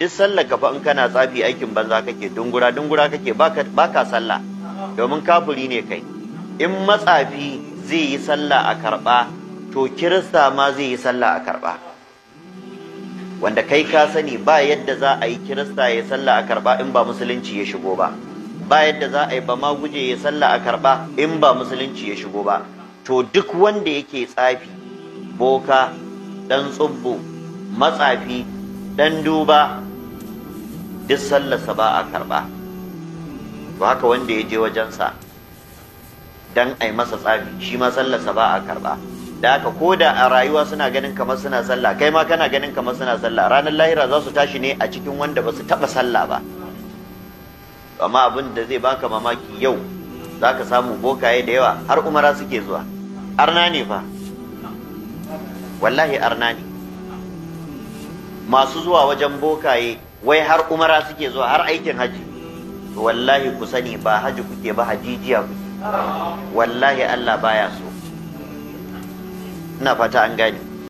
duk sallar gaba in kana tsafi aikin banza kake dungura dungura kake baka sallah domin kafuri ne kai in matsafi zai yi sallah a karba to kirista ma zai yi sallah a karba wanda kai ka sani ba yadda za a yi kirista ya sallah a karba in ba musulunci ya shigo ba ba yadda za a yi ba ma guje ya sallah a karba in ba musulunci ya shigo ba to duk wanda yake tsafi boka dan tsubbu matsafi dan duba duk sallarsa ba a karba to haka wanda ya je wajensa dan ai masa tsafi shi ma sallarsa ba a karba da haka ko da a rayuwa suna ganin kamar suna sallah kai ma kana ganin kamar suna sallah ranar lahira za su tashi ne a cikin wanda ba su taɓa sallah ba amma abin da zai baka mamaki yau za ka samu bokaye da yawa har umara suke zuwa arna ne fa wallahi arna ne masu zuwa wajen bokaye wai har umara suke zuwa har aikin haji wallahi ku sani ba haji kuke ba hajijiya kuke wallahi Allah baya so ina fata an gani.